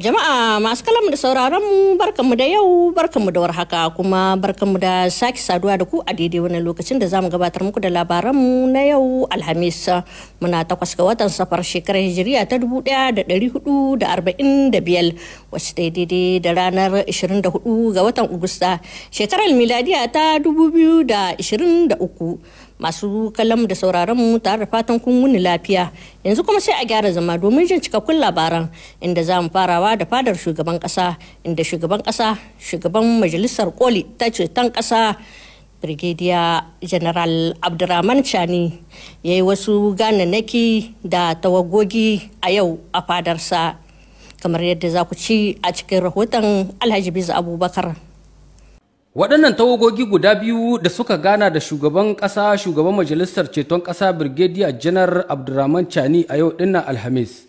Jama'a masu kalamu da sauraron mu barkamu da yau barkamu da warhaka kuma barkamu da sake saduwa da ku a daidai wannan lokacin da zamu gabatar muku da labaran mu na yau Alhamis muna takwas ga watan safar shekarar Hijiriya ta 1445 wacce ta daidai da ranar 24 ga watan Agusta shekarar miladiya ta 2023 masu kalam da sauraron mu tare da fatan kun wuni lafiya yanzu kuma sai a gyara zama domin jin cikakkun labaran inda za mu farawa da fadar shugaban kasa inda shugaban kasa shugaban majalisar koli ta ceton kasa brigadier general abdurrahman chani ya yi wasu gane naki da tawagogi a yau a fadarsa kamar yadda za ku ci a cikin rahoton alhaji biza abubakar waɗannan tawagogi guda biyu da suka gana da shugaban ƙasa shugaban majalisar ceton ƙasa birgediya janar abdulrahman chani a yau dinnan alhamis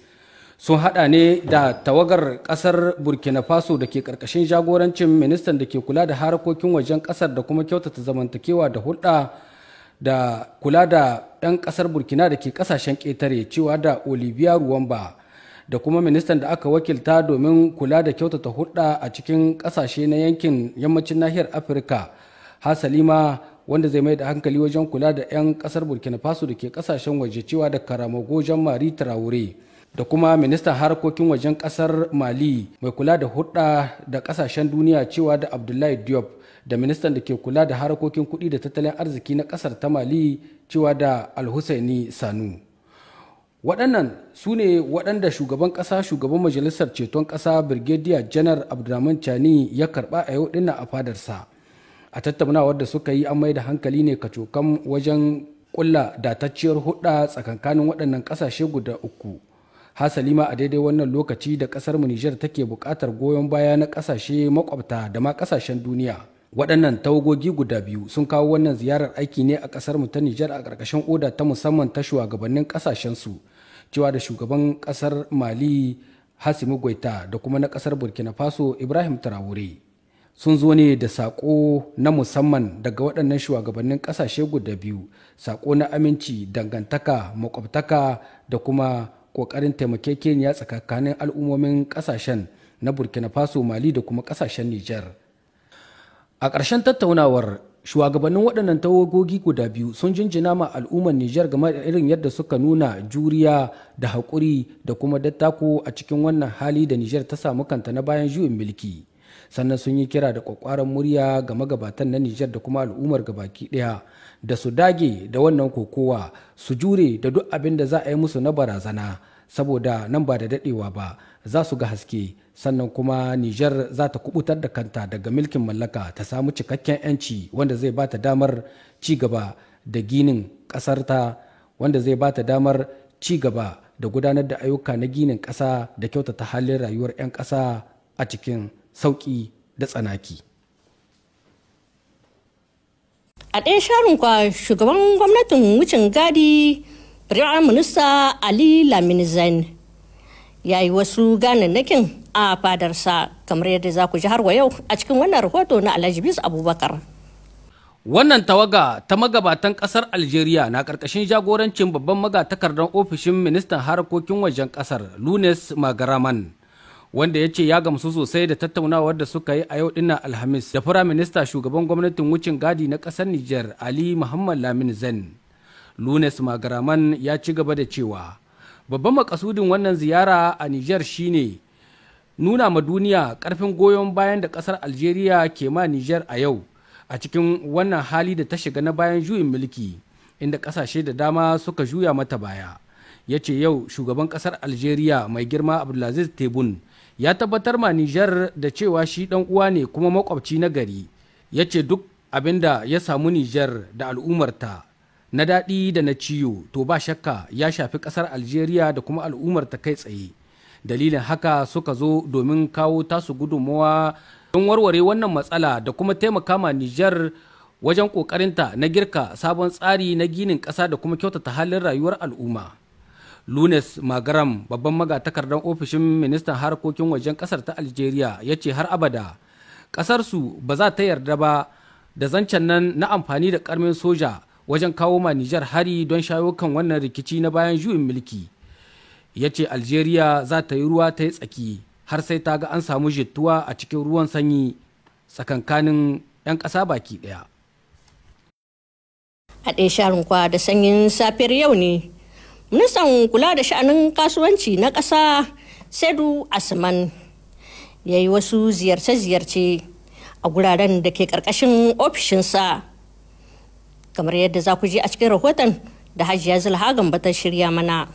sun haɗa ne da tawagar ƙasar burkina faso da ke ƙarƙashin jagorancin ministan da ke kula da harkokin wajen ƙasar da kuma kyautata zamantakewa da hulɗa da kula da ɗan ƙasar burkina da ke ƙasashen ƙetare cewa da olivia ruwamba da kuma ministan da aka wakilta domin kula da kyautata hulɗa a cikin ƙasashe na yankin yammacin nahiyar afirka hasalima wanda zai mai da hankali wajen kula da 'yan ƙasar burkina faso da ke kasashen waje cewa da karamago jan mari traore da kuma ministan harkokin wajen kasar mali mai kula da hulɗa da ƙasashen duniya cewa da abdullahi diop da ministan da ke kula da harkokin kuɗi da tattalin arziki na kasar ta mali cewa da alhussaini sanu waɗannan su ne waɗanda shugaban ƙasa shugaban majalisar ceton ƙasa birgediya janar abdulrahman chani ya karɓa a yau ɗinnan a fadarsa a tattaunawar da suka yi an da hankali ne kacokan wajen kulla datacciyar hudda tsakankanin waɗannan ƙasashe guda uku hasali ma a daidai wannan lokaci da ƙasar mu Nijar take buƙatar goyon baya na ƙasashe makwabta da ma ƙasashen duniya waɗannan tawagogi guda biyu sun kawo wannan ziyarar aiki ne a ƙasar mu ta Nijar a ƙarƙashin oda ta musamman ta shugabannin ƙasashen su cewa da shugaban kasar mali hasimu goita da kuma na kasar burkina faso ibrahim traore sun zo ne da saƙo na musamman daga waɗannan shugabannin ƙasashe guda biyu saƙo na aminci dangantaka makwabtaka da kuma ƙoƙarin taimakekeniya tsakanin al'ummomin ƙasashen na burkina faso mali da kuma ƙasashen niger a ƙarshen tattaunawar shugabannin waɗannan tawagogi guda biyu sun jinjina ma al'ummar nijar game da irin yadda suka nuna juriya da haƙuri da kuma dattako a cikin wannan hali da nijar ta samu kanta na bayan juyin mulki sannan sun yi kira da kwakwaran murya ga magabatan na nijar da kuma al'ummar gabaki ɗaya da su dage da wannan kokowa su jure da duk abin da za a yi musu na barazana saboda nan ba da daɗewa ba za su ga haske sannan kuma Nijar za ta kubutar da kanta daga milkin mallaka ta samu cikakken 'yanci wanda zai ba ta damar ci gaba da ginin ƙasarta wanda zai ba ta damar ci gaba da gudanar da ayyuka na ginin ƙasa da kyautata halin rayuwar 'yan ƙasa a cikin sauƙi da tsanaki. A ɗaya sharin kwa shugaban gwamnatin wucin gadi prime minister Ali lamini Zain ya yi wasu ganannakin a fadarsa kamar yadda za ku ji har wa yau a cikin wannan rahoto na alhaji bisu abubakar wannan tawaga ta magabatan kasar algeria na karkashin jagorancin babban magatakardar ofishin ministan harkokin wajen ƙasar lunes magaraman wanda ya ce ya gamsu sosai da tattaunawar da suka yi a yau dinnan alhamis da firaminista shugaban gwamnatin wucin gadi na ƙasar niger ali muhammad lamin zen lunes magaraman ya ci gaba da cewa babban makasudin wannan ziyara a niger shine nuna ma duniya karfin goyon bayan da kasar algeria ke ma niger a yau a cikin wannan hali da ta shiga na bayan juyin mulki inda kasashe da dama suka juya mata baya ya ce yau shugaban kasar algeria mai girma abdulaziz tebun ya tabbatar ma niger da cewa shi dan uwa ne kuma makwabci na gari ya ce duk abinda ya samu niger da al'ummarta na daɗi da na ciyo to ba shakka ya shafi ƙasar algeria da kuma al'ummar ta kai tsaye dalilin haka suka zo domin kawo tasu gudunmawa don warware wannan matsala da kuma taimaka ma nijar wajen ƙoƙarinta na girka sabon tsari na ginin ƙasa da kuma kyautata halin rayuwar al'umma lunes magaram babban magatakardar ofishin ministan harkokin wajen ƙasar ta algeria ya ce har abada ƙasarsu ba za ta yarda ba da zancen nan na amfani da ƙarmin soja wajen kawo ma Nijar hari don shayo kan wannan rikici na bayan juyin mulki. Ya ce Algeria za ta yi ruwa ta yi tsaki har sai ta ga an samu jituwa a cikin ruwan sanyi tsakankanin 'yan ƙasa baki ɗaya. A ɗaya sharin kwa da sanyin safiyar yau ne, ministan kula da sha'anin kasuwanci na ƙasa Sedu Asman ya yi wasu ziyarce-ziyarce a guraren da ke ƙarƙashin ofishinsa. kamar yadda za ku je a cikin rahoton da hajiya zulha gambata ta shirya mana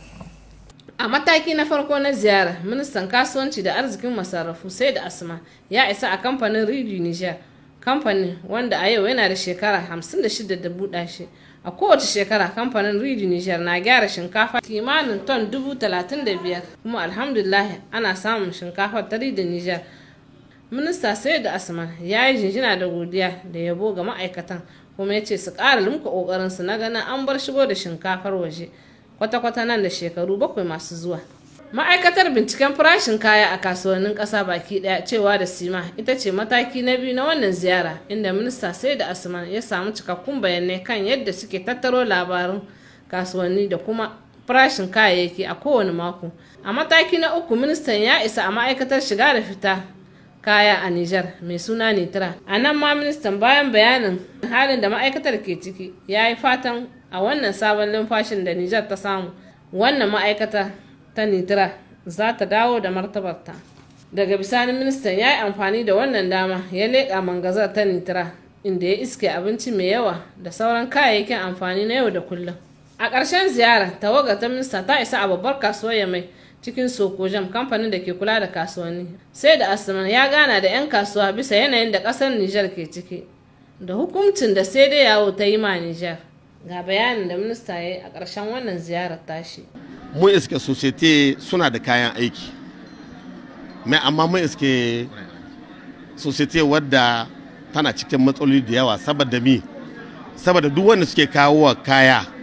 a mataki na farko na ziyara ministan kasuwanci da arzikin masarrafu sai da asma ya isa a kamfanin ridi niger kamfanin wanda a yau yana da shekara 56 a kowace shekara kamfanin ridi niger na gyara shinkafa kimanin ton 35,000 kuma alhamdulillah ana samun shinkafa ta ridi niger minista sai da asma ya yi jinjina da godiya da yabo ga ma'aikatan kuma ya ce su ƙara lumka ƙoƙarinsu na ganin an bar shigo da shinkafar waje kwata-kwata nan da shekaru bakwai masu zuwa. Ma'aikatar binciken farashin kaya a kasuwannin ƙasa baki ɗaya cewa da sima ita ce mataki na biyu na wannan ziyara inda minista sai da asman ya samu cikakkun bayanai kan yadda suke tattaro labarin kasuwanni da kuma farashin kayayyaki a kowane mako. A mataki na uku ministan ya isa a ma'aikatar shiga da fita kaya a Nijar mai suna Nitra. A nan ma ministan bayan bayanin halin da ma'aikatar ke ciki ya yi fatan a wannan sabon numfashin da Nijar ta samu wannan ma'aikata ta Nitra za ta dawo da martabarta. Daga bisani ministan ya yi amfani da wannan dama ya leƙa mangazar ta Nitra inda ya iske abinci mai yawa da sauran kayayyakin amfani na yau da kullum. A ƙarshen ziyara, tawagar ta minista ta isa a babbar kasuwar Yamai cikin sokojam kamfanin da ke kula da kasuwanni sai da asman ya gana da 'yan kasuwa bisa yanayin da kasar nijar ke ciki da hukuncin da sai dai yawo ta yi ma nijar ga bayanin da minista ya yi a karshen wannan ziyarar tashi mun iske societe suna da kayan aiki mai amma mun iske societe wadda tana cikin matsaloli da yawa saboda mi saboda duk wanda suke kawo kaya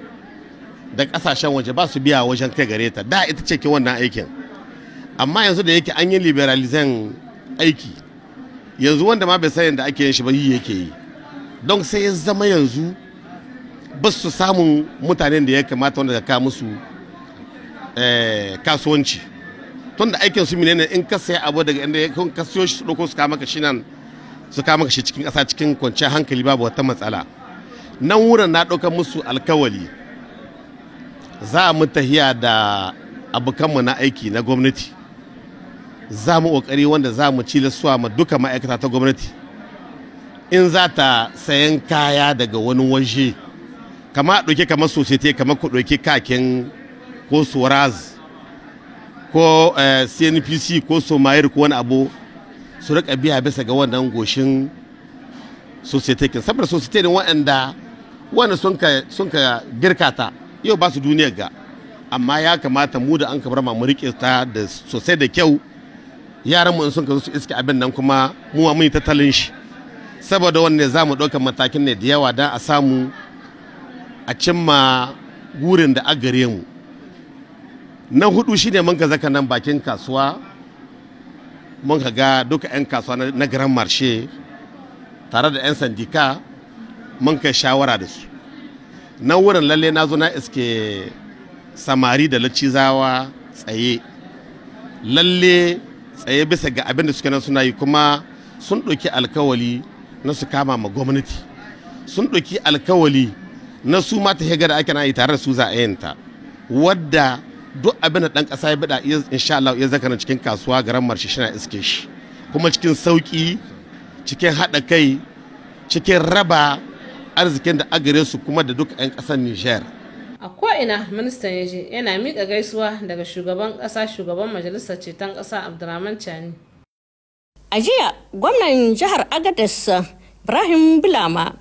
da kasashen waje ba su biya wajen kai gare ta da ita ce ke wannan aikin amma yanzu da yake an yi liberalizan aiki yanzu wanda ma bai san da ake yin shi ba yi yake yi don sai ya zama yanzu ba su samun mutanen da ya kamata wanda ka musu eh, kasuwanci tun da aikin su ne in ka saya abu daga inda kun kasuwa shi su su kama nan su kama shi cikin ƙasa cikin kwanciyar hankali babu wata matsala nan wurin na ɗaukar musu alkawali za mu tahiya da abokanmu na aiki na gwamnati za mu ƙoƙari wanda za mu ci lasuwa ma duka ma'aikata ta gwamnati in za ta sayan kaya daga wani waje kama ɗauke kamar societe kamar ku ɗauki kakin ko suwaraz ko cnpc eh, ko somayir ko wani abu su rika biya bisa ga wannan goshin societe saboda societe ne wa'anda wanda sun ka girka ta yau ba su duniyar ga amma ya kamata mu da an ka ma mu rike ta da sosai da kyau yaran mu in sun ka su iske abin nan kuma mu mun tattalin shi saboda wanne za mu ɗaukar matakin ne da yawa don a samu a cimma gurin da a gare mu na hudu shine mun ka zaka nan bakin kasuwa mun ka ga duka 'yan kasuwa na garan marshe tare da 'yan sandika mun kai shawara da su Na wurin lalle na zo na iske samari da lacizawa tsaye lalle tsaye bisa ga abin da suke nan suna yi kuma sun ɗauki alkawali na su kama ma gwamnati sun ɗauki alkawali na su ma ta da ake na yi tare da su za a yanta wadda duk abin da ɗan ƙasa ya bada insha Allah ya zaka cikin kasuwa garan marshe shi na iske shi kuma cikin sauƙi cikin haɗa kai cikin raba arzikin da agare su kuma da duka 'yan ƙasar Nijar. A ko'ina ministan ya je yana miƙa gaisuwa daga shugaban ƙasa shugaban majalisar ceton ƙasa Abdurrahman Chani. A jiya gwamnan jihar Agadas Ibrahim Bulama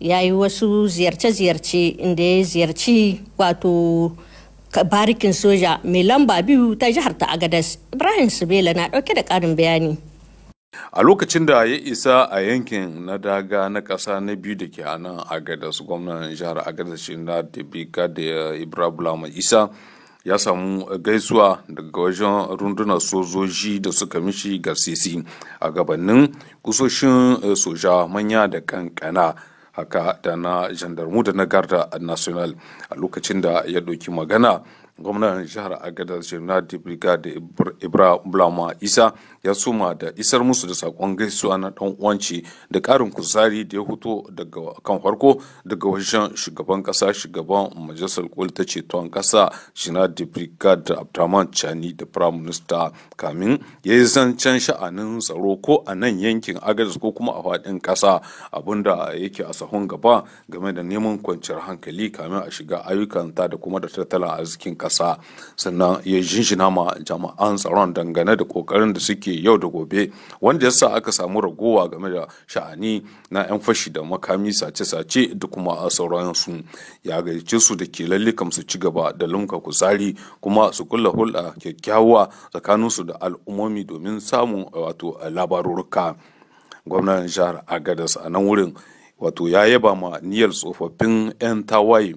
ya yi wasu ziyarce-ziyarce inda ya ziyarci wato barikin soja mai lamba biyu ta jihar ta Agadas Ibrahim Subela na ɗauke da ƙarin bayani. a lokacin da ya isa a yankin na daga na ƙasa na biyu da ke a gada su gwamnan jihar agadas shi na da ibrahim isa ya samu gaisuwa daga wajen rundunar sojoji da suka mishi garsisi a gabanin kusoshin eh, soja manya da kankana haka da na jandarmu da na garda national a lokacin da ya ɗauki magana gwamnan jihar agadar jimnati brigade da ibrahim isa ya suma da isar musu da sakon gaisuwa na dan uwanci da karin kuzari da ya fito daga kan farko daga wajen shugaban kasa shugaban majalisar koli ta ceton kasa shina da brigad abdurrahman chani da prime minister kamin ya yi zancen sha'anin tsaro ko a nan yankin agadis ko kuma a faɗin kasa abinda yake a sahun gaba game da neman kwanciyar hankali kamin a shiga ayyukan ta da kuma da tattalin arzikin kasa sannan ya jinjina ma jama'an tsaron dangane da kokarin da suke yau da gobe wanda ya sa aka samu ragowa game da sha'ani na 'yan fashi da makami sace-sace da kuma a sauransu ya gaice su da ke lallikan su ci gaba da lumka kusari kuma su kulla hulɗa kyakkyawa tsakaninsu da al'ummomi domin samun wato labarurruka gwamnan jihar agadas a nan wurin wato ya yaba ma niyyar tsofaffin 'yan tawaye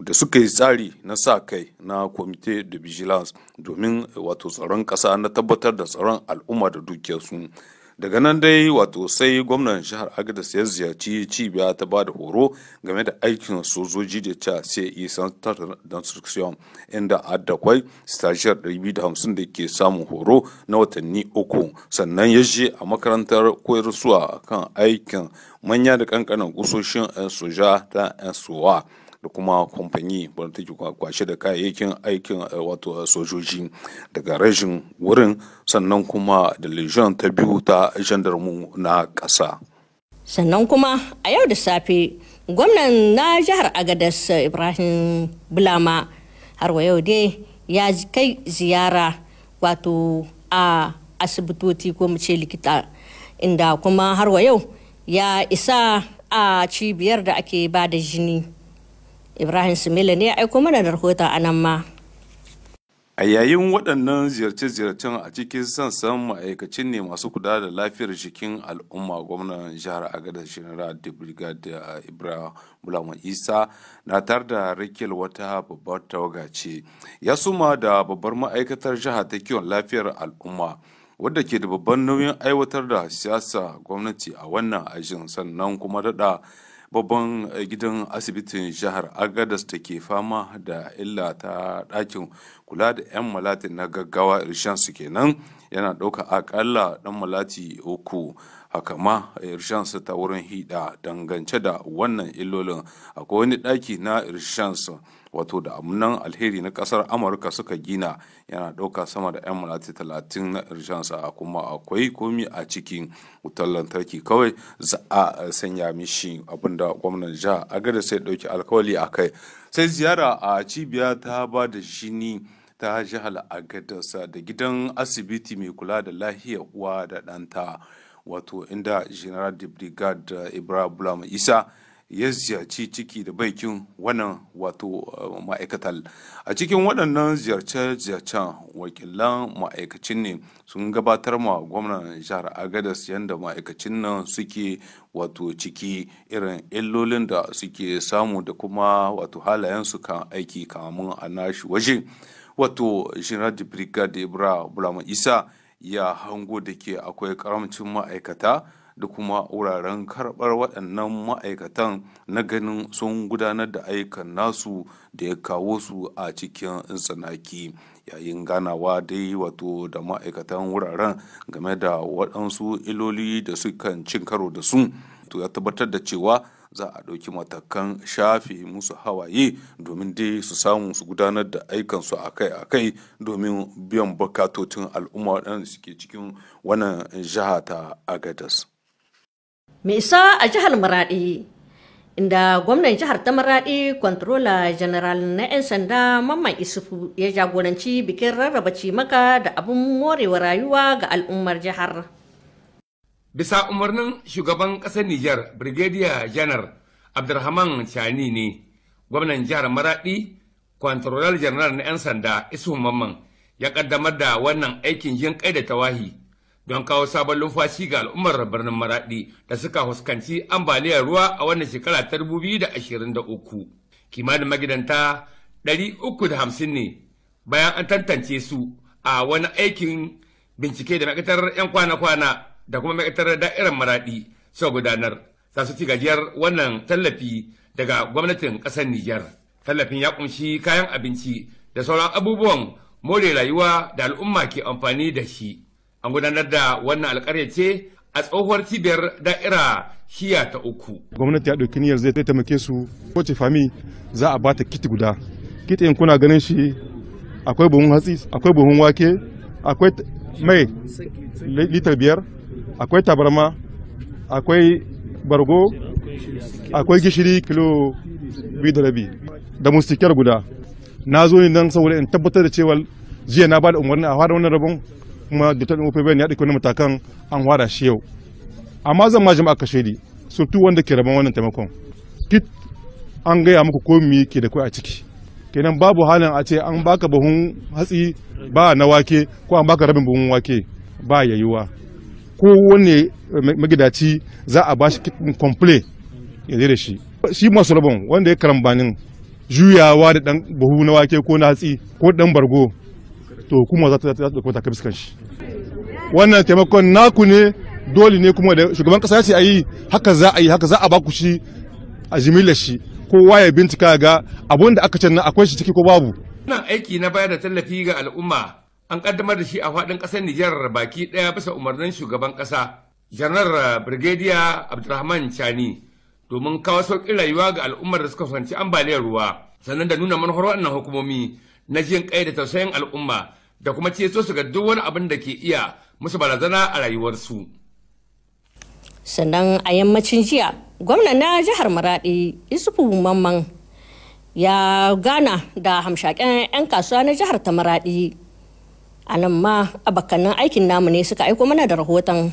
da suka yi tsari na sa kai na comité de vigilance domin wato tsaron kasa na tabbatar da tsaron al'umma da dukiyarsu daga nan dai wato sai gwamnan jihar agadas ya ziyarci cibiya ta ba da horo game da aikin sojoji da ta ce center d'instruction inda adakwai stajiyar 250 da ke samun horo na watanni uku sannan ya je a makarantar koyarsuwa kan aikin manya da kankanin kusoshin soja ta yan da kuma kwamfani wadda take kwashe da kayayyakin aikin eh, wato sojoji daga rashin wurin sannan kuma da legion ta biyu ta gendarmu na ƙasa. sannan kuma a yau da safe gwamnan na jihar agadas ibrahim bulama har wa yau dai ya kai ziyara wato a asibitoci ko mu ce likita inda kuma har wa yau ya isa a cibiyar da ake ba da jini Ibrahim simila ne ya aiko mana da rahoton a nan ma. A yayin waɗannan ziyarce-ziyarcen a cikin sansan ma'aikacin ne masu kula da lafiyar jikin al'umma gwamnan jihar Agadar General da Brigadier eh, Ibrahim Bulama Isa na tar da Rikil wata babbar tawaga ce. Ya suma da babbar ma'aikatar jihar ta kiwon lafiyar al'umma. wadda ke da babban nauyin aiwatar da siyasa gwamnati a wannan ajin sannan kuma daɗa babban eh, gidan asibitin jihar agadas da ke fama da illa ta ɗakin kula da 'yan malatin na gaggawa irshansu kenan yana ɗauka akalla ɗan malati uku haka ma ta wurin hida dangance da wannan illolin akwai wani ɗaki na irshans wato da amnan alheri na ƙasar amurka suka gina yana ɗauka sama da 'yan malati talatin na irshansa kuma akwai komi a cikin wutar lantarki kawai za a sanya mishi abinda gwamnan jiha gada sai ɗauki alkawali a kai sai ziyara a cibiya ta ba da shini ta jihar agadarsa da gidan asibiti mai kula da lahiyar uwa da ɗanta wato inda general de brigade eh, ibrahim isa ya ziyarci ciki da baikin wannan wato eh, ma'aikatar a cikin waɗannan ziyarce-ziyarcen wakilan ma'aikacin ne sun gabatar ma gwamnan jihar agadas yadda ma'aikacin nan suke wato ciki irin illolin da suke samu da kuma wato halayensu kan aiki kamun a nashi waje wato general de brigade ibra bulama isa ya hango da ke akwai karamcin ma'aikata da kuma wuraren karɓar waɗannan ma'aikatan na ganin sun gudanar da ayyukan nasu da ya kawo su a cikin tsanaki yayin ganawa dai wato da ma'aikatan wuraren game da waɗansu iloli da kan cin karo da su to ya tabbatar da cewa za a ɗauki matakan shafe musu hawaye domin dai su samu su gudanar da aikansu akai-akai domin biyan bukatotin al'umma waɗanda suke cikin wannan jiha ta agadas. mai isa a jihar maraɗi inda gwamnan jihar ta maraɗi kwantarola general na 'yan sanda mamman isufu ya jagoranci bikin rarraba cimaka da abin morewa rayuwa ga al'ummar jihar. bisa umarnin shugaban ƙasar Nijar Brigadier Janar Abdulrahman Chani ne gwamnan jihar maraɗi Kwantaroral General na 'yan sanda Isu Mamman ya ƙaddamar da wannan aikin jin kai da tawahi don kawo sabon lumfashi ga al'ummar birnin maraɗi da suka huskanci ambaliyar ruwa a wannan shekara ta 2023 kimanin magidanta 350 ne bayan an tantance su a wani aikin bincike da ma'aikatar 'yan kwana-kwana da kuma ma'aikatar da'irar maraɗi suka gudanar za su ci gajiyar wannan tallafi daga gwamnatin ƙasar Nijar. Tallafin ya kunshi kayan abinci da sauran abubuwan more rayuwa da al'umma ke amfani da shi. An gudanar da wannan alƙarya ce a tsohuwar cibiyar da'ira shiya ta uku. Gwamnati ya ɗauki niyyar zai taimake su kowace fami za a bata kiti guda. Kiti in kuna ganin shi akwai buhun hatsi, akwai buhun wake, akwai mai litar biyar, akwai tabarma akwai bargo akwai gishiri kilo biyu da rabi da mustikiyar guda na zo ne nan saboda in tabbatar da cewa jiya na ba bada umarni a fara wannan rabon kuma da ta ɗauke bayan ya ɗauki wani matakan an fara shi yau amma zan ma jama'a kashe di surtu wanda ke rabon wannan taimakon kit an gaya muku ko ke da kai a ciki kenan babu halin a ce an baka buhun hatsi ba na wake ko an baka rabin buhun wake ba yayuwa kowane eh, magidaci za a ba shi komple ya zai da shi shi masu rabon wanda ya karambanin juyawa da dan buhu na wake ko na hatsi ko dan bargo to kuma za ta dauko ta fuskan shi wannan taimakon naku ne dole ne kuma da shugaban kasa ya ce ayi yi haka za a yi haka za a baku shi a jimilar shi kowa ya bincika ga abun da aka ce na akwai shi ciki ko babu wannan aiki na bayar da tallafi ga al'umma an kaddamar da shi a faɗin ƙasar Nijar baki ɗaya bisa umarnin shugaban ƙasa janar uh, Brigadier Abdulrahman Chani domin kawo sauƙin rayuwa ga al'ummar da suka fahimci ambaliyar ruwa sannan da nuna manufar wannan hukumomi na jin kai da tausayin al'umma da kuma ceto su ga duk wani abin da ke iya musu barazana a rayuwarsu. Sannan a yammacin jiya, gwamna na jihar maraɗi Isufu Mamman ya gana da hamshaken 'yan kasuwa na jihar ta maraɗi. a nan ma abakanin aikin namu ne suka aiko mana da rahoton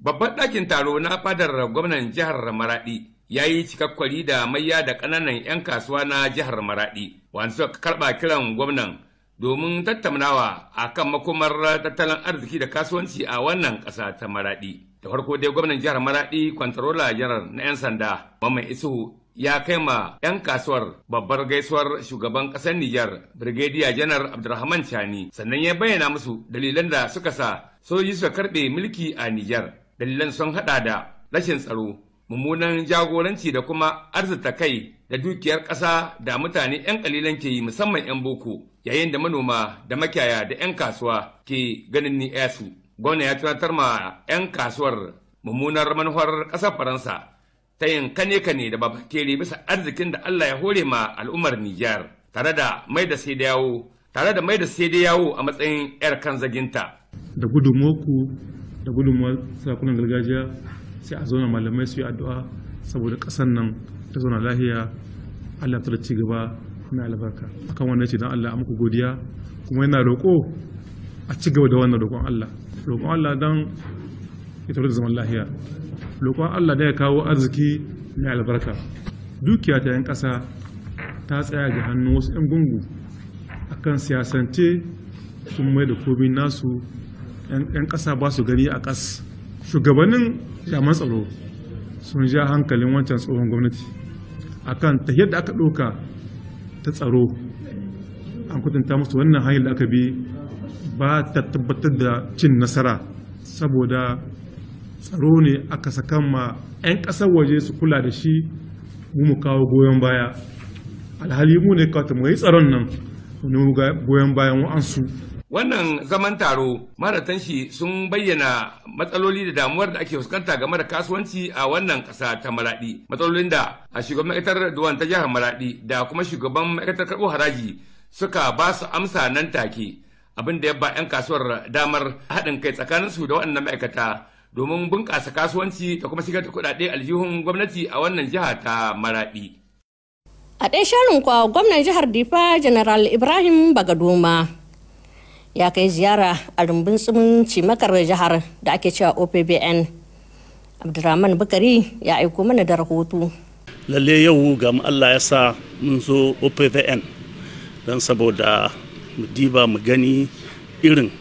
babban ɗakin taro na fadar gwamnan jihar maraɗi ya yi cikakkwari da mayya da ƙananan 'yan kasuwa na jihar maradi wanda suka karɓa kiran gwamnan domin tattaunawa a kan makomar tattalin arziki da kasuwanci a wannan ƙasa ta maraɗi da farko dai gwamnan jihar maraɗi kwantarola jihar na 'yan sanda mamman isuhu ya kai ma 'yan kasuwar babbar gaisuwar shugaban ƙasar Nijar Brigadier Janar Abdulrahman Chani sannan ya bayyana musu dalilan da suka sa sojoji suka karɓe mulki a Nijar. Dalilan sun haɗa da rashin tsaro, mummunan jagoranci da kuma arzita kai da dukiyar ƙasa da mutane 'yan kalilan ke yi musamman 'yan boko yayin da manoma da makiyaya da 'yan kasuwa ke ganin ni'yasu. Gwamna ya tunatar ma 'yan kasuwar mummunar manufar ƙasar Faransa ta yin kane da kere bisa arzikin da Allah ya hore ma al'ummar Nijar tare da mai da sai da yawo tare da mai da sai da yawo a matsayin yar kan zaginta da gudumoku da gudunmuwar sarakunan gargajiya sai a zauna malamai su yi addu'a saboda ƙasar nan ta zauna lahiya Allah ta ci gaba na albarka akan wannan ce don Allah muku godiya kuma yana roƙo a ci gaba da wannan roƙon Allah roƙon Allah don ita da zaman lahiya roƙon Allah da ya kawo arziki mai albarka dukiya ta yan ƙasa ta tsaya ga hannun wasu 'yan gungu a kan siyasance sun mai da komi nasu 'yan ƙasa ba su gani a ƙas shugabannin jaman tsaro sun ja hankalin wancan tsohon gwamnati a kan ta yadda aka ɗauka ta tsaro an kudinta musu wannan hanyar da aka bi ba ta tabbatar da cin nasara saboda tsaro ne aka sakan ma 'yan ƙasar waje su kula da shi mu mu kawo goyon baya alhali mu ne kawata mu yi tsaron nan mu goyon bayan wa'ansu wannan zaman taro maratan shi sun bayyana matsaloli da damuwar da ake fuskanta game da kasuwanci a wannan kasa ta maraɗi matsalolin da a shugaban ma'aikatar duwan ta jihar maraɗi da kuma shugaban ma'aikatar karbo haraji suka ba su amsa nan take abin da ya ba 'yan kasuwar damar haɗin kai tsakaninsu da waɗannan ma'aikata domin bunƙasa kasuwanci da kuma shigar da kuɗaɗe aljihun gwamnati a wannan jiha ta maraɗi. A ɗaya sharin kwa gwamnan jihar Difa General Ibrahim Bagadoma ya kai ziyara a rumbun tsumin cimakar jihar da ake cewa OPBN. Abdurrahman Bukari ya aiko mana da rahoto. Lalle yau ga Allah ya sa mun zo OPBN don saboda mu diba mu gani irin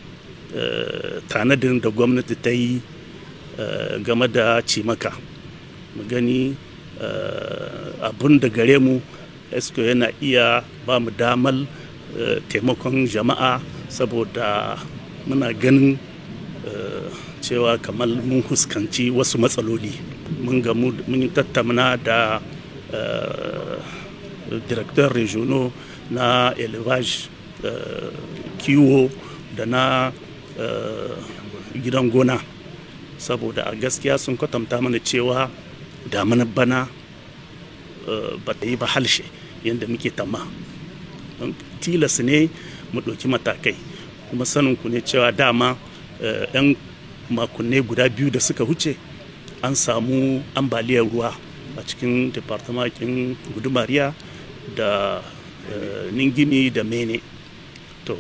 eh, tanadin da gwamnati ta yi Eh, game da cimaka mu gani eh, abun da gare mu esko yana iya ba mu damal eh, taimakon jama'a saboda muna ganin cewa kamar mun huskanci wasu matsaloli mun gamu mun tattauna da director regional na elevage kiwo da na gidan gona saboda a gaskiya sun kwatanta mana cewa damana bana eh, ba ta yi ba halshe yadda muke tama tilas ne mu ɗauki matakai kuma sanin ku ne cewa dama 'yan eh, makunne guda biyu da suka huce an samu ambaliyar ruwa a cikin departamentin gudumariya da eh, ningini da mene to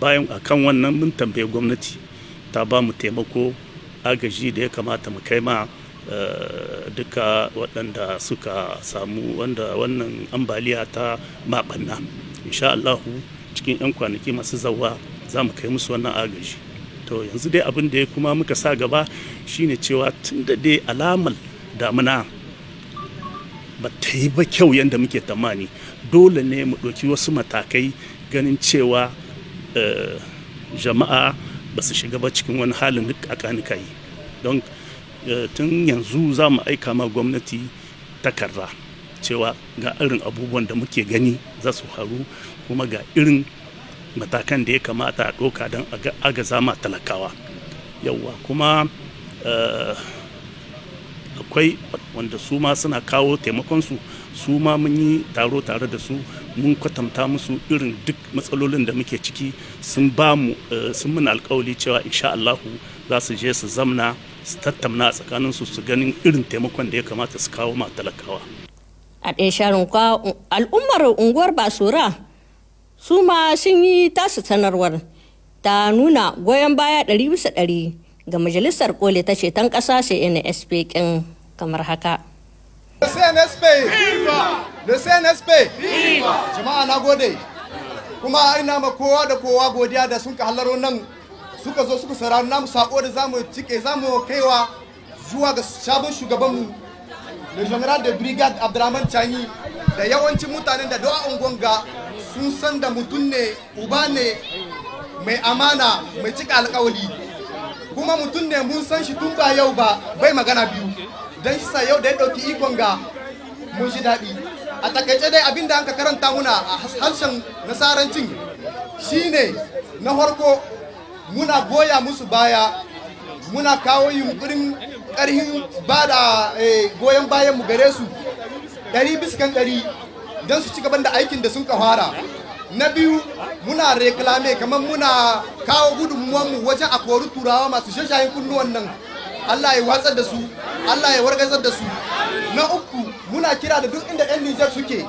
bayan akan wannan mun tambaye gwamnati ta ba mu taimako agaji da ya kamata mu kai ma eh, duka waɗanda suka samu wanda wannan ambaliya ta maɓanna insha Allahu cikin 'yan kwanaki masu zawa za mu kai musu wannan agaji to yanzu dai abin da ya kuma muka sa gaba shine cewa tun da dai alamar damuna ba ta yi ba kyau yadda muke tamani dole ne mu ɗauki wasu matakai ganin cewa eh, jama'a ba su shiga ba cikin wani halin a yi don eh, tun yanzu za mu aika ma gwamnati takarda cewa ga irin abubuwan da muke gani za su haru kuma ga irin matakan da ya kamata a ɗoka don agaza ma talakawa yauwa kuma eh, akwai wanda su ma suna kawo taimakonsu su su ma mun yi taro tare da su mun kwatanta musu irin duk matsalolin da muke ciki sun ba mu eh, sun muna alkawali cewa insha Allahu za su je su zamna su tattauna a tsakanin su su ganin irin taimakon da ya kamata su kawo ma talakawa a ɗaya sharin al'ummar unguwar basura su ma sun yi tasu sanarwar ta nuna goyon baya ɗari bisa ɗari ga majalisar koli ta ce tan ƙasa sai nsp kamar haka Da CNSP! Viva! CNSP! Viva! Jama'a na gode. Kuma ina ma kowa da kowa godiya da sun ka halaro suka zo suka saurari namu sako da zamu cike zamu kaiwa zuwa ga sabon shugabanmu da general da brigade abdurrahman chani da yawancin mutanen da do'a ungonga sun san da mutum ne uba ne mai amana mai cika alkawali kuma mutum ne mun san shi tun ba yau ba bai magana biyu don shi sa yau da ya ɗauki ikon ga mun shi daɗi a takaice dai abin da an ka karanta muna a harshen nasarancin shine na farko muna goya musu baya muna kawo yunkurin ƙarhin ba da eh, goyon bayan mu gare su ɗari biskan ɗari don su ci gaban da aikin da sun fara na biyu muna reklame kamar muna kawo mu wajen a kori turawa masu shashayin kunnuwan nan Allah ya watsar da su Allah ya wargazar da su na uku muna kira da duk inda 'yan Nijar suke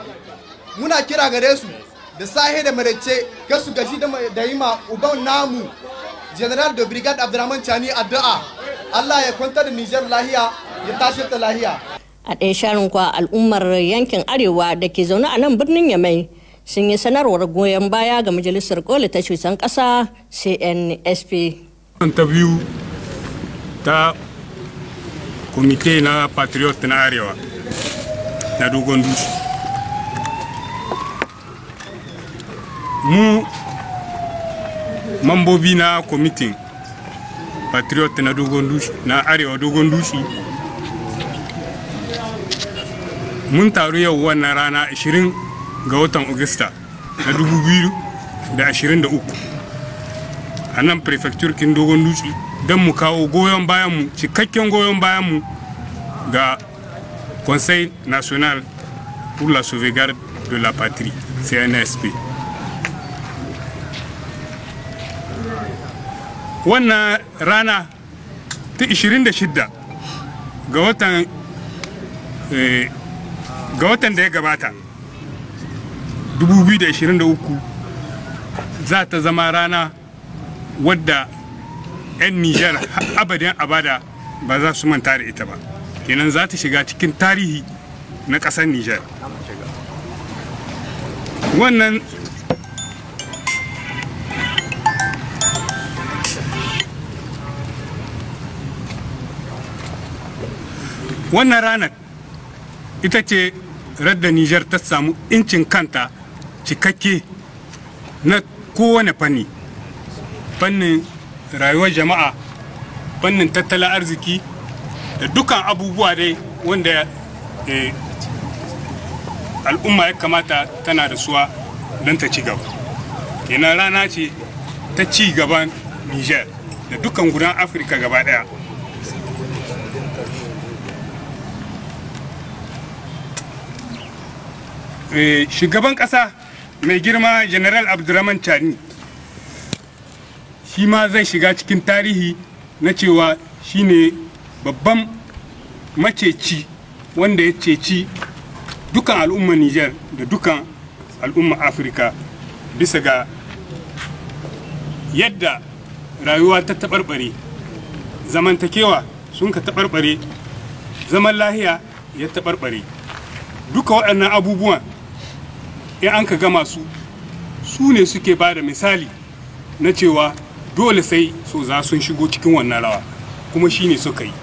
muna kira gare su da sahe da maraice ga su gaji da yi uban namu general da brigade abdurrahman chani addu'a Allah ya kwantar da Nijar lahiya ya tashi ta lahiya a ɗaya sharin kwa al'ummar yankin arewa da ke zaune a nan birnin yamai sun yi sanarwar goyon baya ga majalisar koli ta cutan ƙasa cnsp ta ta comité na patriote na arewa na dogon duci mu mambobi na comité patriote na dogon duci na arewa dogon duci mun taru yau wannan rana 20 ga watan augusta na 2023 a nan prefecture kin dogon duci don mu kawo goyon bayanmu cikakken goyon bayanmu ga conseil national pour la sauvegarde de la patrie cnsp wannan rana ta 26 ga watan eh, ga watan da ya gabata 2023 za ta zama rana wadda 'yan nijar abadin abada ba za su manta da ita ba kenan za ta shiga cikin tarihi na ƙasar nijar wannan wannan ranar ita ce radda nijar ta samu incin kanta cikakke na kowane fanni fannin rayuwar jama'a fannin tattalin arziki da dukkan abubuwa dai wanda eh, al'umma ya kamata tana da suwa don ta ci gaba kenan rana ce ta ci gaban niger da dukkan gudan afirka gaba daya eh, shugaban kasa mai girma general abdulrahman chani shi ma zai shiga cikin tarihi na cewa shi ne babban maceci wanda ya ceci dukan al'umma nijar da dukan al'umma afirka bisa ga yadda rayuwa ta taɓarɓare zamantakewa sun ka taɓarɓare zaman lahiya ya taɓarɓare duka waɗannan abubuwan in an ka gama su su ne suke ba da misali na cewa dole sai so za sun shigo cikin wannan rawa kuma shine suka yi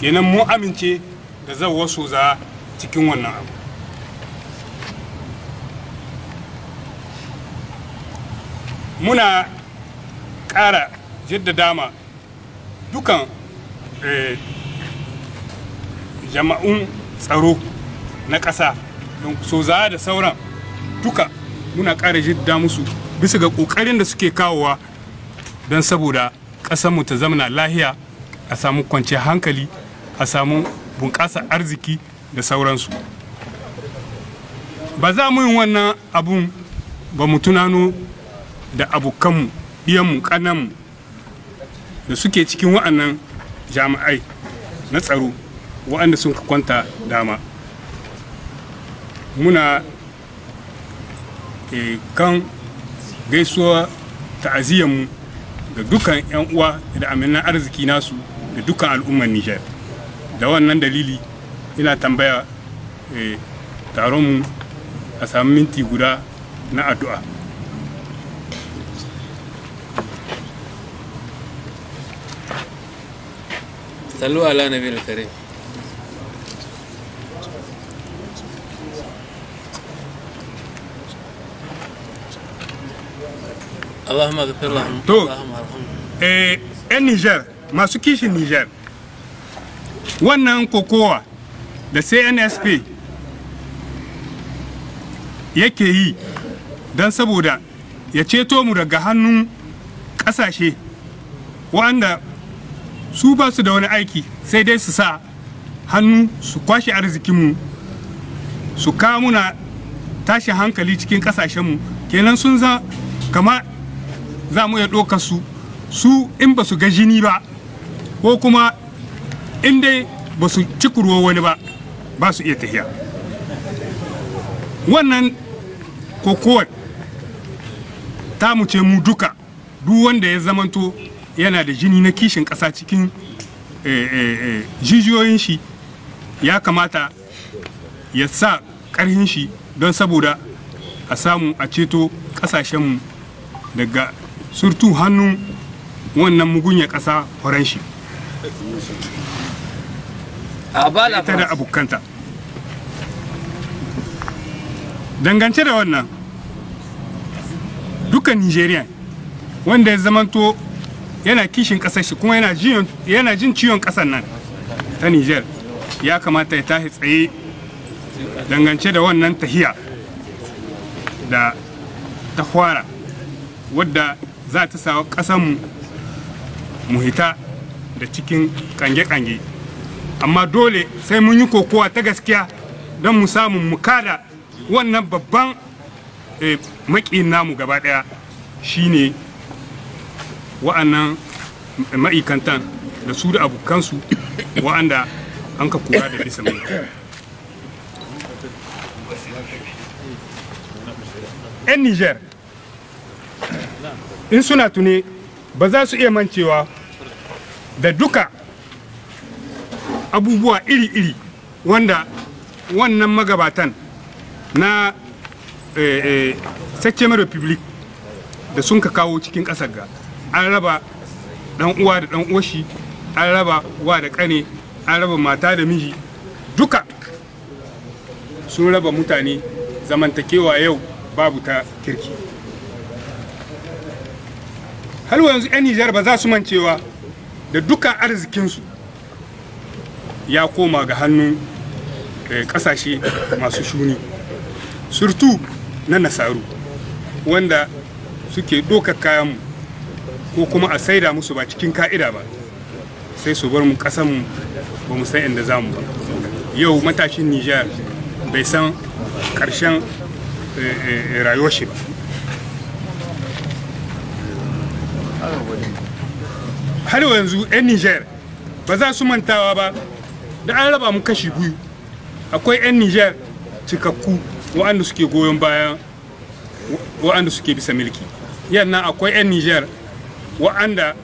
kenan mu amince da zawa so za cikin wannan abu muna ƙara jaddada ma dukan eh, jama'un tsaro na ƙasa don so za da sauran duka muna ƙara jaddada musu bisa ga ƙoƙarin da suke kawowa don saboda ƙasarmu ta zamana lahiya a samu kwanciyar hankali a samu bunƙasa arziki da sauransu ba za mu yi wannan abun ba mu tunano da abokanmu ɗiyanmu ƙananmu da suke cikin wa'annan jami'ai na tsaro wa'anda sun kwanta dama muna eh, kan gaisuwa ta'aziyyarmu da dukkan 'yan uwa da aminan arziki nasu da dukkan al'ummar Nijar. Da wannan dalili ina tambaya eh, taron mu a samu minti guda na addu'a. Salu ala Nabi Karim. Allahumma ghafir lahum to eh yan Niger masu kishin Niger wannan kokowa da CNSP yake yi don saboda ya ceto mu daga hannun ƙasashe waɗanda su ba su da wani aiki sai dai su sa hannu su kwashe arzikinmu su kawo muna tashi hankali cikin ƙasashenmu kenan sun za kama za mu iya ɗaukar su su in ba su ga jini ba ko kuma in dai ba su ci wani ba ba su iya tafiya wannan kokowa ta mu ce mu duka duk wanda ya zamanto yana da jini na kishin ƙasa cikin eh, eh, eh, jijiyoyin shi ya kamata ya sa ƙarhin shi don saboda a samu a ceto ƙasashenmu daga surtu hannu wannan ya ƙasa horon shi ita da abokanta dangance da wannan dukkan nigerian wanda ya zamanto yana kishin ƙasar shi kuma yana jin ciwon ƙasar nan ta niger ya kamata ya tashi tsaye dangance da wannan tahiya da ta wadda za ta sawa kasanmu mu hita da cikin kange-kange amma dole sai mun yi kokowa ta gaskiya don mu samu mu kada wannan babban eh, maƙin namu gaba ɗaya shine wa'annan ma'aikantan da su da abokansu wa'anda an ka kura da bisa mulki 'yan niger in suna tuni ba za su iya mancewa da duka abubuwa iri-iri wanda wannan magabatan na eh, eh, sacce republic da sun ka kawo cikin kasar ga an raba dan uwa da dan uwashi an raba wa da kane an raba mata da miji duka sun raba mutane zamantakewa yau babu ta kirki har yanzu 'yan nijar ba za su mancewa da dukkan arzikinsu ya koma ga hannun kasashe eh, masu shuni surtu na nasaru wanda suke ɗaukar kayanmu ko kuma a saida musu ba cikin ka'ida ba sai su bar mu kasanmu ba mu san inda za mu ba yau matashin nijar bai san karshen eh, eh, rayuwar shi ba har yanzu 'yan niger ba za su mantawa ba da an raba mu kashi biyu akwai 'yan niger cikakku wa'anda suke goyon bayan wa'anda suke bisa milki yannan akwai 'yan niger wa'anda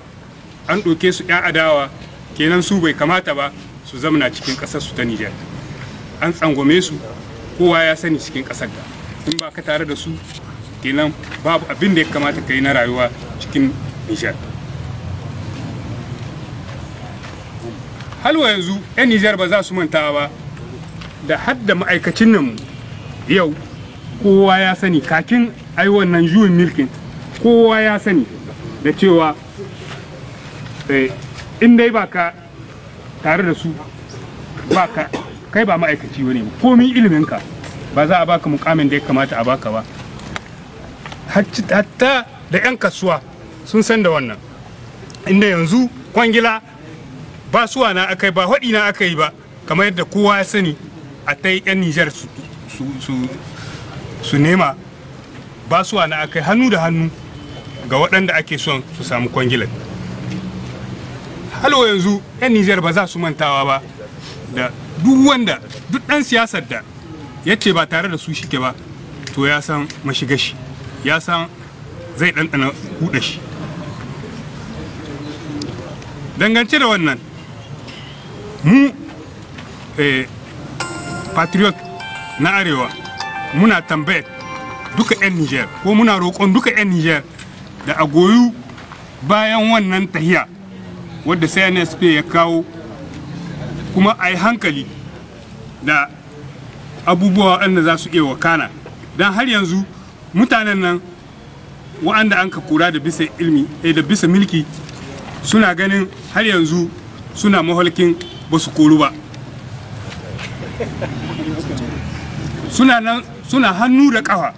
an ɗauke su 'yan adawa kenan su bai kamata ba su zamana cikin ƙasarsu ta niger an tsangwame su kowa ya sani cikin ƙasar da in ba ka tare da su kenan babu abin da ya kamata ka yi na rayuwa cikin nijar halwa yanzu 'yan nijar ba za su manta ba da hadda ma'aikacin nan yau kowa ya sani kakin ai wannan juyin milkin kowa ya sani da cewa eh, in dai ba ka tare da su ba ka kai ba ma'aikaci wani komi iliminka ba za a baka mukamin da ya kamata a baka ba hatta da 'yan kasuwa sun san da wannan inda yanzu kwangila ba suwa na akai ba haɗi na aka yi ba kamar yadda kowa ya sani a ta yi 'yan nijar su nema ba suwa na akai hannu da hannu ga waɗanda ake son su samu kwangilan halo yanzu 'yan nijar ba za su mantawa ba da duk wanda duk ɗan siyasar da ya ce ba tare da su shike ba to ya san mashigashi ya san zai ɗanɗana huɗa shi dangance da wannan mu hmm? eh, patriot na arewa muna tambayar duka 'yan niger ko muna roƙon duka 'yan niger da a goyu bayan wannan tahiya wadda cnsp ya kawo kuma a hankali da abubuwa waɗanda za su iya wakana don har yanzu mutanen nan waɗanda an ka kura da bisa ilmi eh, da bisa milki suna ganin har yanzu suna maholkin ba su koru ba suna nan suna hannu da kafa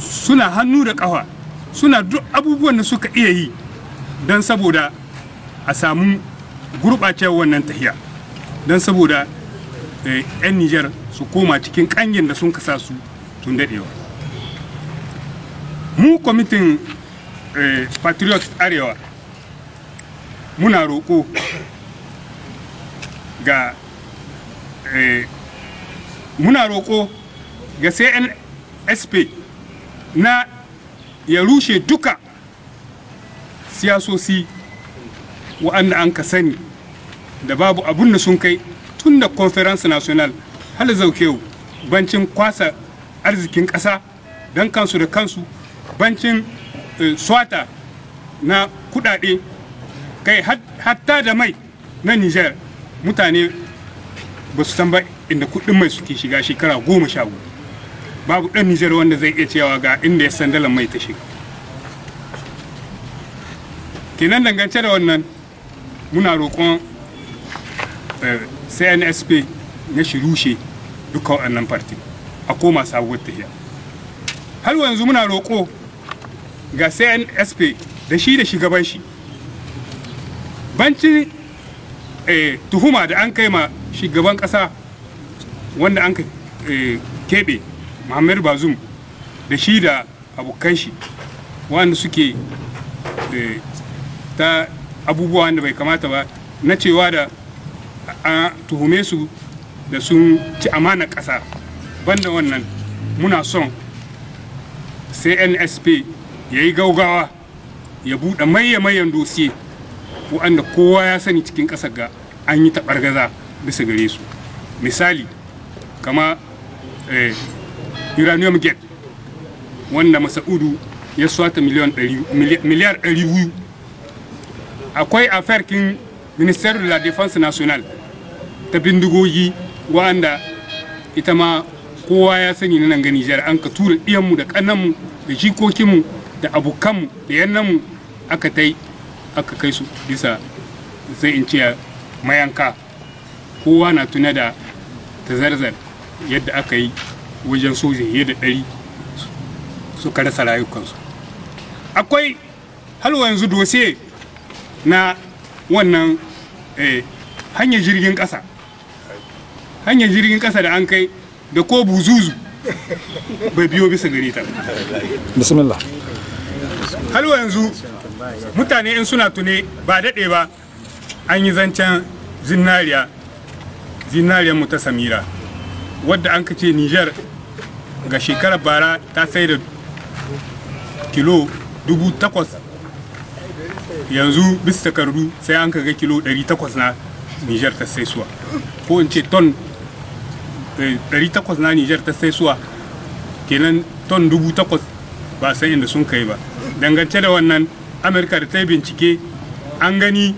suna hannu da kafa suna duk abubuwan da suka iya yi don saboda a samu gurɓacewar wannan tahiya don saboda 'yan eh, nijar su koma cikin ƙangin da sun kasa su tun daɗewa mu kwamitin eh, patriot arewa muna roƙo ga eh, muna roƙo ga cnsp na ya rushe duka siyasosi waɗanda an ka sani da babu abun da sun kai tun da conference national hal zaukewu bancin kwasa arzikin ƙasa don kansu da kansu bancin eh, swata na kudade kai hatta da mai na niger mutane ba su san ba inda kuɗin mai suke shiga shekara goma sha hudu babu ɗan nijar wanda zai iya cewa ga inda ya san dalar mai ta shiga kenan dangance da wannan muna roƙon eh, cnsp ya shi rushe duka waɗannan farti a koma sabuwar tafiya har yanzu muna roƙo ga cnsp da shi da shugaban shi banci Eh, tuhuma da an kai ma shugaban ƙasa wanda an eh, keɓe muhammadu bazum da shi da abokan shi wanda suke eh, ta abubuwa wanda bai kamata ba na cewa da a tuhume su da sun ci amana ƙasa banda wannan muna son cnsp ya yi gaugawa ya buɗe mayan mayen dosiye waɗanda kowa ya sani cikin ƙasa ga an yi taɓargaza bisa gare su misali kama eh, uranium gate wanda masa'udu ya swata miliyar 200 akwai afirkin ministère de la defense nationale ta bindigogi wanda ita ma kowa ya sani na nan ga an ka tura ɗiyanmu da ƙananmu da jikokinmu da abokanmu da yannanmu aka ta yi aka kai su bisa zai in ce mayanka kowa na tuna da tazarzar yadda aka yi wajen sojin yadda ɗari su rasa rayukansu akwai halwa yanzu dose na wannan eh, hanyar jirgin ƙasa hanyar jirgin ƙasa da an kai da ko buzuzu bai biyo bisa gari ta bismillah halwa yanzu mutane in suna tune ba daɗe ba an yi zancen zinariya zinariyar mu ta samira wadda an kace niger ga shekarar bara ta sai da kilo 8,000 yanzu bisa takardu sai an kaga kilo 800 na niger ta sai suwa ko in ce ton 800 eh, na niger ta sai suwa kenan ton 8,000 ba san inda sun kai ba dangance da wannan amerika da ta yi bincike an gani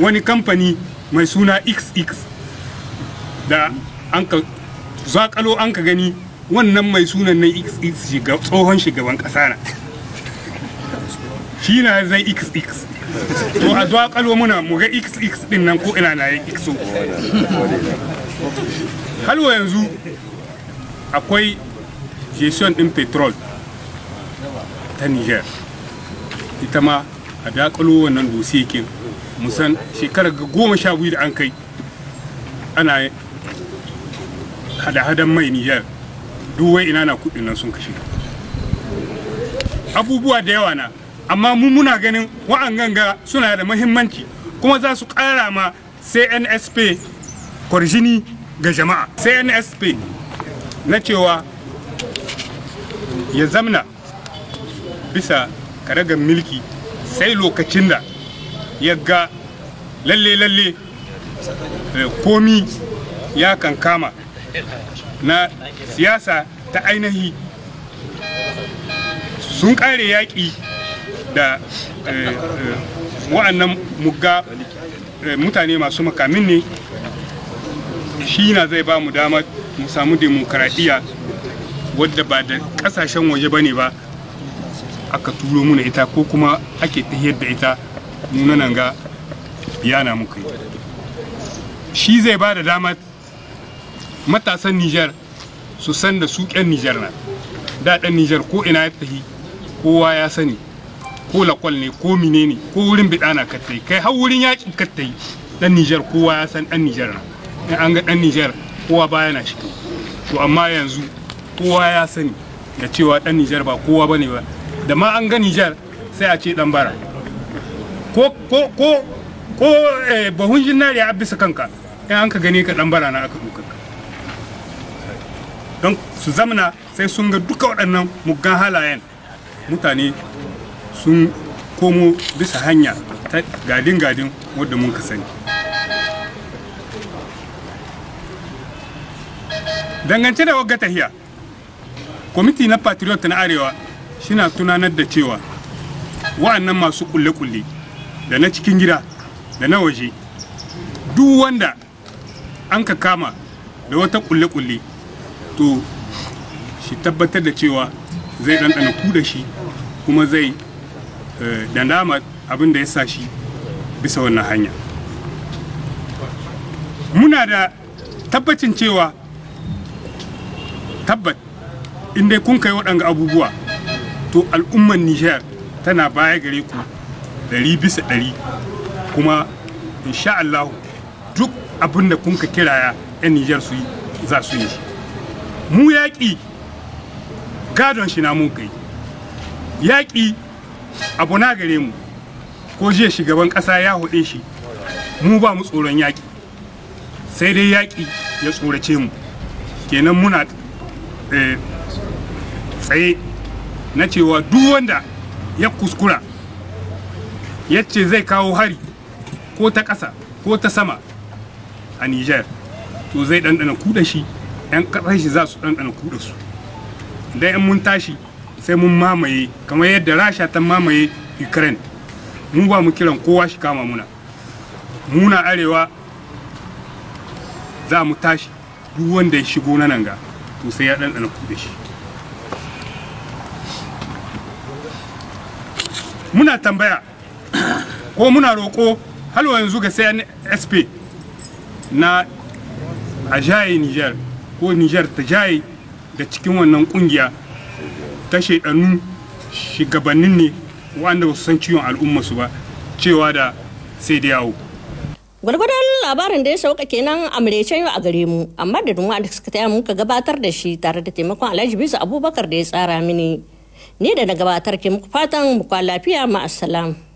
wani kamfani mai suna xx da an ka zakalo an ka gani wannan mai sunan nan xx tsohon shugaban kasa na shi na zai xx to a zakalo muna mu ga xx din nan ko ina na yi xo halwa yanzu akwai gestion din petrol ta niger ita ma a dakalo wannan dosiye ke musan shekarar goma sha biyu da an kai ana hada-hadan mai nijar duwai ina na kudin nan sun kashe abubuwa da yawa na amma mu muna ganin wa'an ganga suna da mahimmanci kuma za su kara ma cnsp kwarjini ga jama'a cnsp na cewa ya zamna bisa karagar milki sai lokacin da ya ga lalle-lalle eh, komi ya kankama na siyasa ta ainihi sun kare yaƙi da eh, eh, wa'annan muga mutane masu makamin ne shi na zai ba mu damar mu samu demokaradiyya wadda ba da ƙasashen waje ba ne ba aka turo muna ita ko kuma ake tahiyar da ita muna nan ga yana muka yi shi zai ba da dama matasan nijar su san da su nijar na da ɗan nijar ko ina ya tahi kowa ya sani ko lakwal ne ko mine ne ko wurin biɗana ka kai har wurin yakin ka tai dan Niger kowa ya san dan Niger na in an ga ɗan Nijar kowa baya na shi to amma yanzu kowa ya sani da cewa dan Niger ba kowa bane ba da ma an ga Nijar sai a ce dan bara ko ko ko ko eh, bahun jinnari a bisa kanka in an ka gane ka dan bara na aka duka don su zamana sai sun ga duka waɗannan muggan halayen mutane sun komo bisa hanya ta gadin-gadin wadda mun ka sani dangance da wagga tahiya kwamiti na patriot na arewa shina tunanar da cewa wa'annan masu kulle-kulle da na cikin gida da na waje duk wanda an ka kama da wata kulle-kulle to shi tabbatar da cewa zai ɗanɗana ku da shi kuma zai dandama eh, abin da ya sa shi bisa wannan hanya muna da tabbacin cewa tabbat inda kun kai waɗanga abubuwa to al'ummar nijar tana baya gare ku ɗari bisa ɗari kuma insha Allah duk abin da kun ka kiraya 'yan nijar su yi za su yi mu yaƙi gadon shi na mun kai yaƙi abu na gare mu ko jiya shugaban ƙasa ya huɗe shi mu ba mu tsoron yaƙi sai dai yaƙi ya tsorace mu kenan muna eh, tsaye na cewa duk wanda ya kuskura ya ce zai kawo hari ko ta ƙasa ko ta sama a Nijar to zai ɗanɗana kuɗa shi ɗan ƙasar shi za su ɗanɗana kuɗa su da 'yan mun tashi sai mun mamaye kamar yadda rasha ta mamaye ukraine mun ba mu kiran kowa shi kama muna muna arewa za mu tashi duk wanda ya shigo na nan ga to sai ya ɗanɗana kuɗa shi muna tambaya ko muna roƙo halwa yanzu ga sayan sp na a niger ko niger ta jaye da cikin wannan kungiya ta shaidannu shugabannin ne wanda ba su san ciwon al'umma su ba cewa da sai da yawo gwargwadon labarin da ya sauka kenan a yau a gare mu amma da dunwa da suka taya muka gabatar da shi tare da taimakon alhaji bisu abubakar da ya tsara mini Ni da na gabatar ke muku fatan mu lafiya ma'assalam.